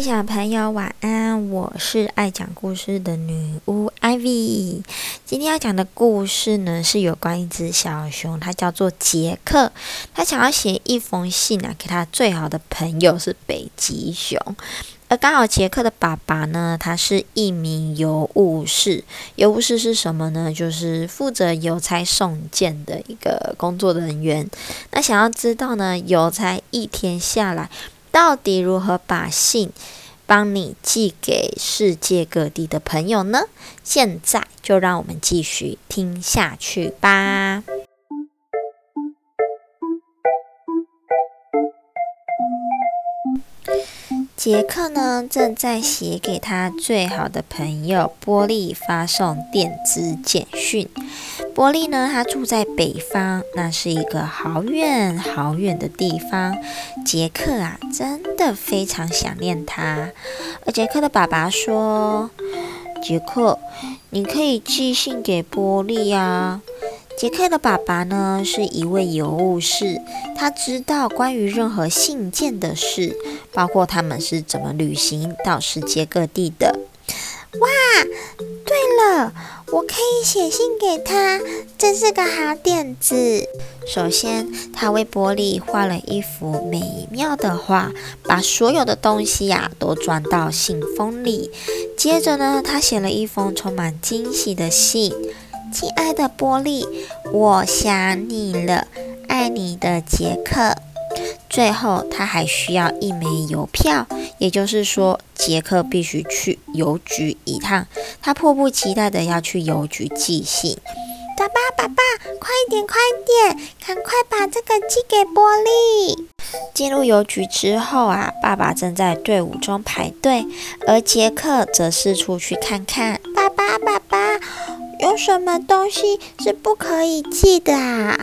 小朋友晚安，我是愛講故事的女巫 Ivy。今天要講的故事呢，是有關一隻小熊，它叫做傑克。他想要寫一封信啊，給他最好的朋友是北極熊。而剛好傑克的爸爸呢，他是一名郵務士。郵務士是什麼呢？就是負責郵差送件的一個工作人員。那想要知道呢，郵差一天下來，到底如何把信幫你寄給世界各地的朋友呢？現在就讓我們繼續聽下去吧。傑克呢，正在寫給他最好的朋友波莉發送電子簡訊。波莉呢？他住在北方，那是一個好遠好遠的地方。傑克啊，真的非常想念他。而傑克的爸爸說：“傑克，你可以寄信給波莉呀。”傑克的爸爸呢，是一位郵務士，他知道關於任何信件的事，包括他們是怎麼旅行到世界各地的。哇！的，我可以寫信給他，這是個好點子。首先，他為波莉畫了一幅美妙的畫，把所有的東西呀、啊、都裝到信封裡。接着呢，他寫了一封充滿驚喜的信：“親愛的波莉，我想你了，愛你的傑克。”最後，他還需要一枚郵票，也就是說，傑克必須去郵局一趟。他迫不及待的要去郵局寄信。爸爸，爸爸，快點，快點，趕快把這個寄給波利。進入郵局之後啊，爸爸正在隊伍中排隊，而傑克則四處去看看。爸爸，爸爸。有什麼東西是不可以寄的啊？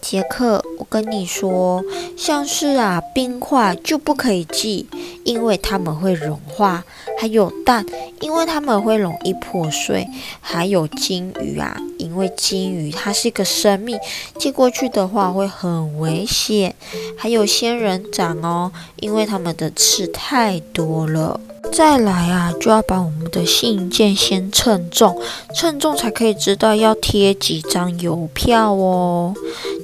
傑 克，我跟你說，像是啊，冰塊就不可以寄，因為它們會融化；還有蛋，因為它們會容易破碎；還有金魚啊，因為金魚它是一個生命，寄過去的話會很危險；還有仙人掌哦，因為它們的刺太多了。再來啊，就要把我們的信件先稱重，稱重才可以知道要貼幾張郵票哦。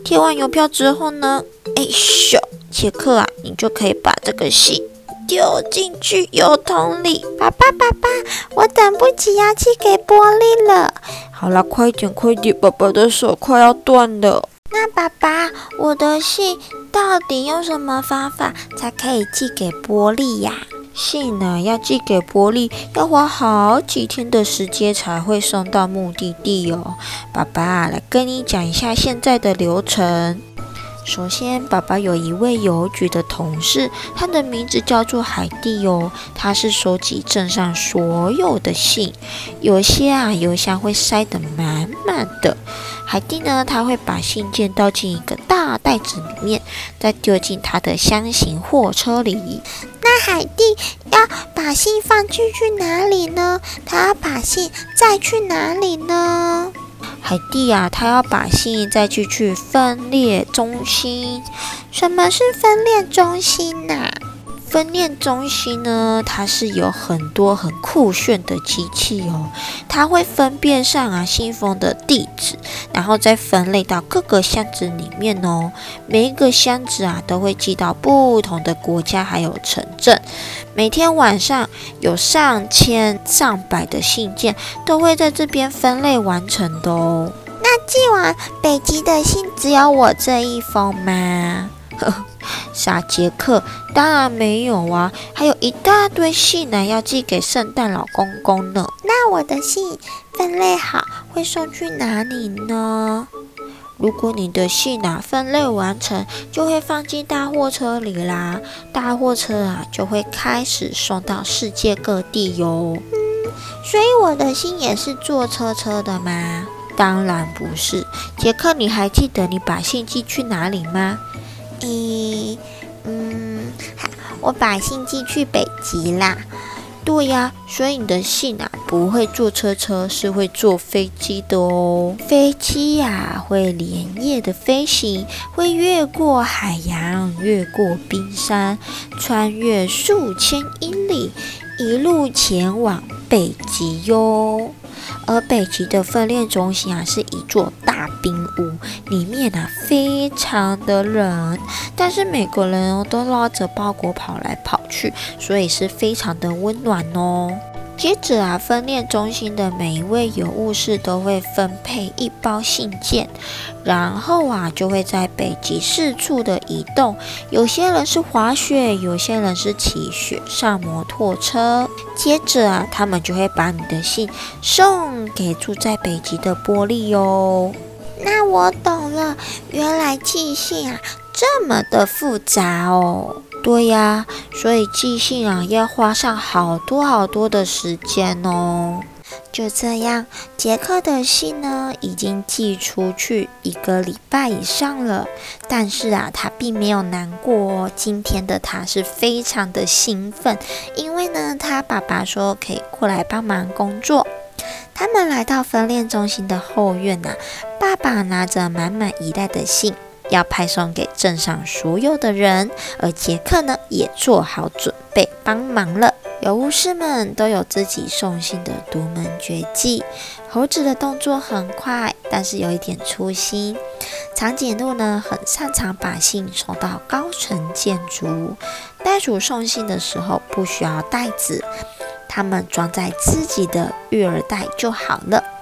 貼完郵票之後呢，哎、欸、咻，杰克啊，你就可以把這個信丟進去郵筒裡。爸爸爸爸，我等不及要寄給波莉了。好啦，快點快點，爸爸的手快要斷了。那爸爸，我的信到底用什麼方法才可以寄給波莉呀、啊？信呢、啊，要寄給波莉，要花好幾天的時間才會送到目的地哦。爸爸、啊、來跟你講一下現在的流程。首先，爸爸有一位郵局的同事，他的名字叫做海蒂哦。他是收集鎮上所有的信，有些啊，郵箱會塞得滿滿的。海蒂呢？他會把信件倒進一個大袋子裡面，再丟進他的箱型貨車裡。那海蒂要把信放進去哪裡呢？他要把信再去哪裡呢？海蒂啊，他要把信再去去分揀中心。什麼是分揀中心呢、啊？分揀中心呢，它是有很多很酷炫的機器哦，它會分辨上啊信封的地址，然後再分類到各個箱子裡面哦。每一個箱子啊都會寄到不同的國家還有城鎮。每天晚上有上千上百的信件都會在這邊分類完成的哦。那寄往北極的信只有我這一封嗎？呵呵，傻傑克，當然沒有啊，還有一大堆信呢，啊、要寄給聖誕老公公呢。那我的信分類好，會送去哪裡呢？如果你的信，啊、分類完成，就會放進大貨車裡啦。大貨車啊，就會開始送到世界各地喲。嗯，所以我的信也是坐車車的嗎？當然不是，傑克，你還記得你把信寄去哪裡嗎？嗯，嗯，我把信寄去北極啦。對呀，所以你的信啊不會坐車車，是會坐飛機的哦。飛機呀會連夜的飛行，會越過海洋，越過冰山，穿越數千英里，一路前往北極喲。而北極的訓練中心啊，是一座大冰屋，裡面啊非常的冷，但是每個人哦都拉着包裹跑來跑去，所以是非常的溫暖哦。接着啊，分揀中心的每一位郵務士都會分配一包信件，然後啊，就會在北極四處的移動。有些人是滑雪，有些人是騎雪上摩托車。接着啊，他們就會把你的信送給住在北極的波莉喲。那我懂了，原來寄信啊這麼的複雜哦。對呀，所以寄信啊要花上好多好多的時間哦。就這樣，傑克的信呢已經寄出去一個禮拜以上了，但是啊他並沒有難過哦，今天的他是非常的興奮，因為呢他爸爸說可以過來幫忙工作。他們來到分揀中心的後院吶啊，爸爸拿着滿滿一袋的信。要派送給鎮上所有的人，而傑克呢也做好準備幫忙了。郵務士們都有自己送信的獨門絕技。猴子的動作很快，但是有一點粗心。長頸鹿呢很擅長把信送到高層建築。袋鼠送信的時候不需要袋子，它們裝在自己的育兒袋就好了。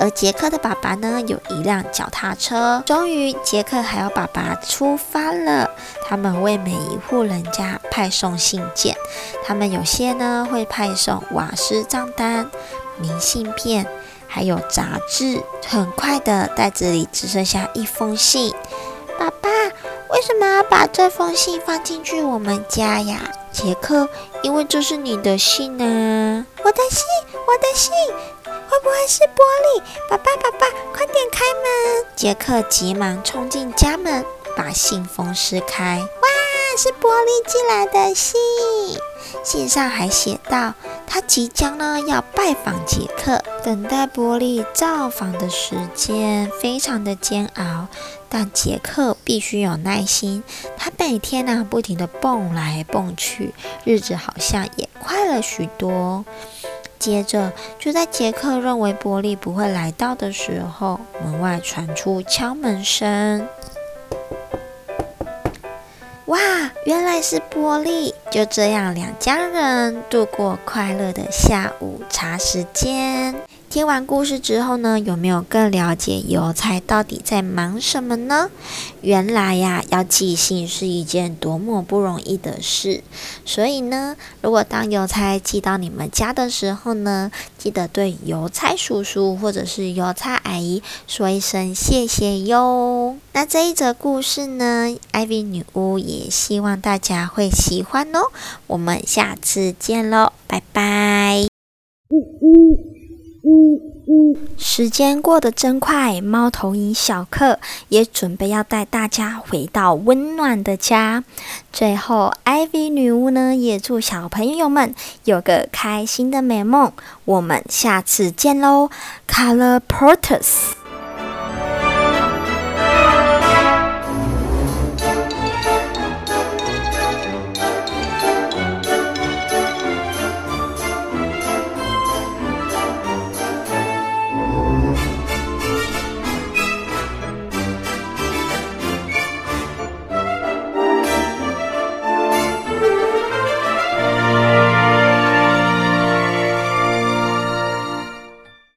而傑克的爸爸呢，有一輛腳踏車。終於，傑克還有爸爸出發了。他們為每一戶人家派送信件，他們有些呢會派送瓦斯賬單、明信片，還有雜誌。很快的，袋子裡只剩下一封信。爸爸，為什麼要把這封信放進去我們家呀？傑克，因為這是你的信啊。我的信，我的信。不是波莉？爸爸，爸爸，快點開門！傑克急忙衝進家門，把信封撕開。哇，是波莉寄來的信。信上還寫道，他即將呢要拜訪傑克。等待波莉造訪的時間非常的煎熬，但傑克必須有耐心。他每天呢、啊、不停地蹦來蹦去，日子好像也快了許多。接着，就在傑克認為波莉不會來到的時候，門外傳出敲門聲。哇，原來是波莉！就這樣，兩家人度過快樂的下午茶時間。聽完故事之後呢，有沒有更了解郵差到底在忙什麼呢？原來呀、啊，要寄信是一件多麼不容易的事。所以呢，如果當郵差寄到你們家的時候呢，記得對郵差叔叔或者是郵差阿姨說一聲謝謝喲。那這一則故事呢，艾薇女巫也希望大家會喜歡哦。我們下次見嘍，拜拜。嗯嗯嗯嗯，嗯時間過得真快，貓頭鷹小克也準備要帶大家回到溫暖的家。最後，艾薇女巫呢也祝小朋友們有個開心的美夢。我們下次見嘍，Colloportus。